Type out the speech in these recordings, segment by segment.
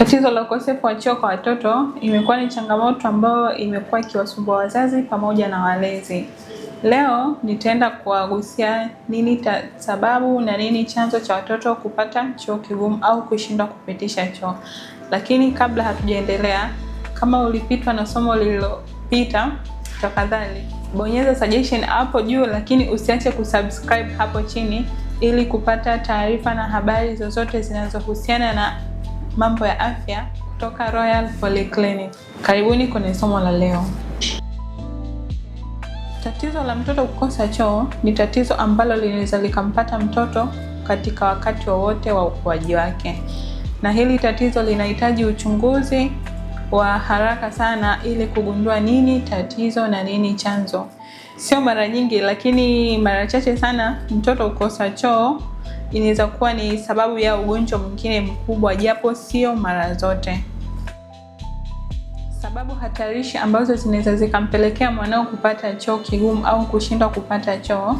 Tatizo la ukosefu wa choo kwa watoto imekuwa ni changamoto ambayo imekuwa ikiwasumbua wazazi pamoja na walezi. Leo nitaenda kuwagusia nini ta, sababu na nini chanzo cha watoto kupata choo kigumu au kushindwa kupitisha choo. Lakini kabla hatujaendelea, kama ulipitwa na somo lililopita, tafadhali bonyeza suggestion hapo juu, lakini usiache kusubscribe hapo chini ili kupata taarifa na habari zozote zinazohusiana na mambo ya afya kutoka Royal Polyclinic. Karibuni kwenye somo la leo. Tatizo la mtoto kukosa choo ni tatizo ambalo linaweza likampata mtoto katika wakati wowote wa, wa ukuaji wake, na hili tatizo linahitaji uchunguzi wa haraka sana ili kugundua nini tatizo na nini chanzo. Sio mara nyingi, lakini mara chache sana mtoto kukosa choo inaweza kuwa ni sababu ya ugonjwa mwingine mkubwa, japo sio mara zote. Sababu hatarishi ambazo zinaweza zikampelekea mwanao kupata choo kigumu au kushindwa kupata choo,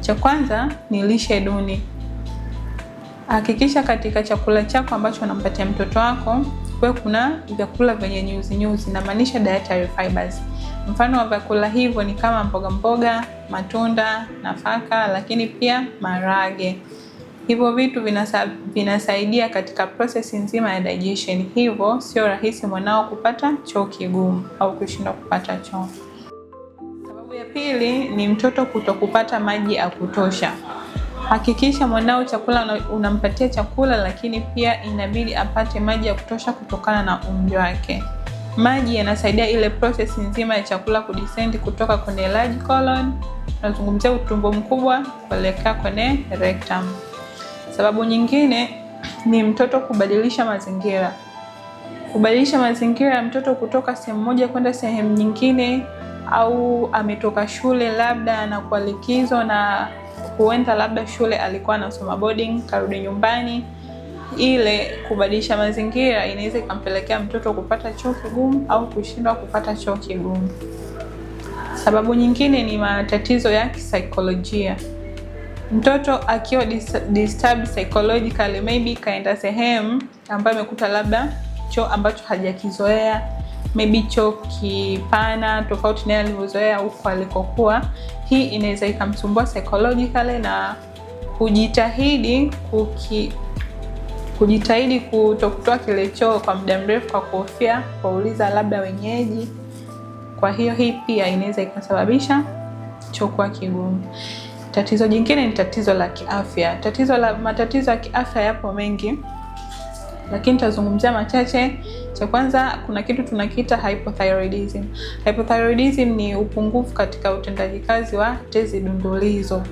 cha kwanza ni lishe duni. Hakikisha katika chakula chako ambacho unampatia mtoto wako kuwe kuna vyakula vyenye nyuzi nyuzi, namaanisha dietary fibers. Mfano wa vyakula hivyo ni kama mboga mboga, matunda, nafaka, lakini pia maharage. Hivyo vitu vinasa, vinasaidia katika prosesi nzima ya digestion, hivyo sio rahisi mwanao kupata choo kigumu au kushindwa kupata choo. Sababu ya pili ni mtoto kutokupata maji ya kutosha. Hakikisha mwanao chakula unampatia chakula, lakini pia inabidi apate maji ya kutosha kutokana na umri wake. Maji yanasaidia ile prosesi nzima ya chakula kudescend kutoka kwenye large colon, tunazungumzia utumbo mkubwa kuelekea kwenye rectum. Sababu nyingine ni mtoto kubadilisha mazingira. Kubadilisha mazingira ya mtoto kutoka sehemu moja kwenda sehemu nyingine, au ametoka shule labda anakuwa likizo na huenda labda shule alikuwa anasoma boarding, karudi nyumbani, ile kubadilisha mazingira inaweza ikampelekea mtoto kupata choo kigumu au kushindwa kupata choo kigumu. Sababu nyingine ni matatizo ya kisaikolojia mtoto akiwa dis disturbed psychologically maybe kaenda sehemu ambayo amekuta labda choo ambacho hajakizoea maybe choo kipana tofauti naye alivyozoea huko alikokuwa. Hii inaweza ikamsumbua psychologically na kujitahidi kuki kujitahidi kutokutoa kile choo kwa muda mrefu kwa kuhofia kuuliza labda wenyeji. Kwa hiyo hii pia inaweza ikasababisha choo kuwa kigumu. Tatizo jingine ni tatizo la kiafya. Tatizo la matatizo ya kiafya yapo mengi, lakini tazungumzia machache. Cha kwanza, kuna kitu tunakiita hypothyroidism. Hypothyroidism ni upungufu katika utendaji kazi wa tezi dundulizo.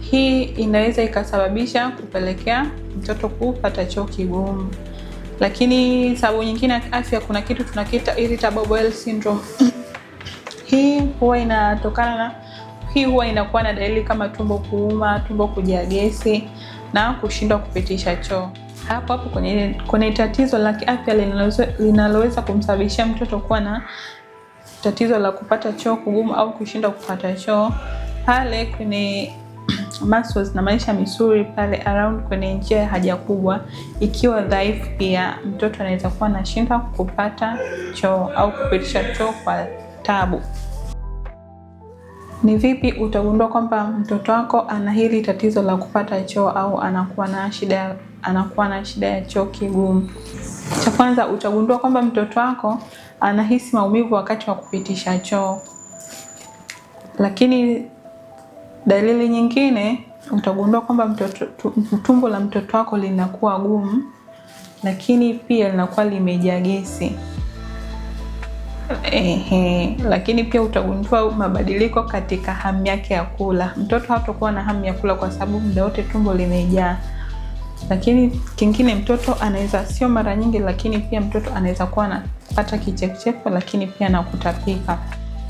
Hii inaweza ikasababisha kupelekea mtoto kupata choo kigumu. Lakini sababu nyingine ya kiafya kuna kitu tunakiita irritable bowel syndrome. Hii huwa inatokana na hii huwa inakuwa na dalili kama tumbo kuuma, tumbo kujaa gesi na kushindwa kupitisha choo. Hapo hapo kwenye, kwenye tatizo la kiafya linaloweza kumsababishia mtoto kuwa na tatizo la kupata choo kugumu au kushindwa kupata choo pale kwenye muscles zinamaanisha misuli pale around kwenye njia ya haja kubwa ikiwa dhaifu, pia mtoto anaweza kuwa anashindwa kupata choo au kupitisha choo kwa tabu. Ni vipi utagundua kwamba mtoto wako ana hili tatizo la kupata choo au anakuwa na shida anakuwa na shida ya choo kigumu? Cha kwanza utagundua kwamba mtoto wako anahisi maumivu wakati wa kupitisha choo. Lakini dalili nyingine utagundua kwamba mtoto tumbo la mtoto wako linakuwa gumu, lakini pia linakuwa limejaa gesi. Ehe, lakini pia utagundua mabadiliko katika hamu yake ya kula. Mtoto hatakuwa na hamu ya kula kwa sababu muda wote tumbo limejaa. Lakini kingine, mtoto anaweza, sio mara nyingi, lakini pia mtoto anaweza kuwa anapata kichefuchefu, lakini pia na kutapika.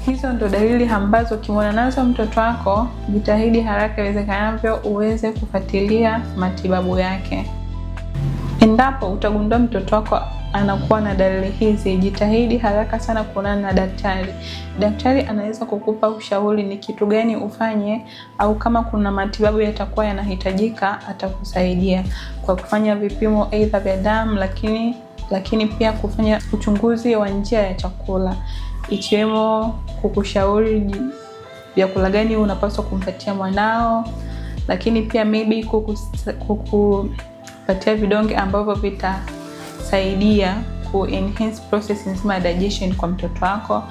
Hizo ndo dalili ambazo ukimwona nazo mtoto wako, jitahidi haraka iwezekanavyo uweze kufuatilia matibabu yake. Endapo utagundua mtoto wako anakuwa na dalili hizi, jitahidi haraka sana kuonana na daktari. Daktari anaweza kukupa ushauri ni kitu gani ufanye, au kama kuna matibabu yatakuwa yanahitajika, atakusaidia kwa kufanya vipimo aidha vya damu, lakini lakini pia kufanya uchunguzi wa njia ya chakula, ikiwemo kukushauri vyakula gani unapaswa kumpatia mwanao, lakini pia maybe kuku, kuku patia vidonge ambavyo vitasaidia ku enhance process nzima ya digestion kwa mtoto wako,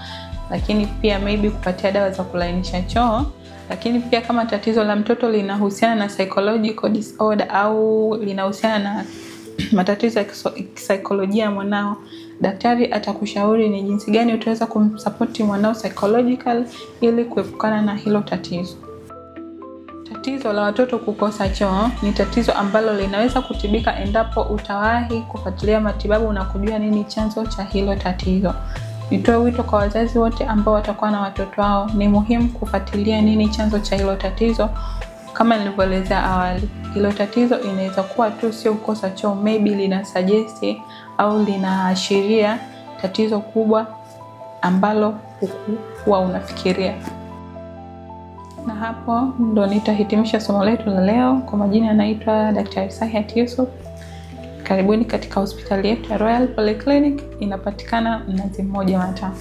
lakini pia maybe kupatia dawa za kulainisha choo. Lakini pia kama tatizo la mtoto linahusiana na psychological disorder au linahusiana na matatizo ya kisaikolojia ya mwanao, daktari atakushauri ni jinsi gani utaweza kumsapoti mwanao psychological ili kuepukana na hilo tatizo. Tatizo la watoto kukosa choo eh? ni tatizo ambalo linaweza kutibika endapo utawahi kufuatilia matibabu na kujua nini chanzo cha hilo tatizo. Nitoe wito kwa wazazi wote ambao watakuwa na watoto wao, ni muhimu kufuatilia nini chanzo cha hilo tatizo. Kama nilivyoelezea awali, hilo tatizo inaweza kuwa tu sio kukosa choo, maybe lina suggest au linaashiria tatizo kubwa ambalo hukuwa unafikiria. Na hapo ndo nitahitimisha somo letu la leo. Kwa majina anaitwa Daktari Sahiat Yusuf. Karibuni katika hospitali yetu ya Royal Polyclinic, inapatikana Mnazi Mmoja Mata.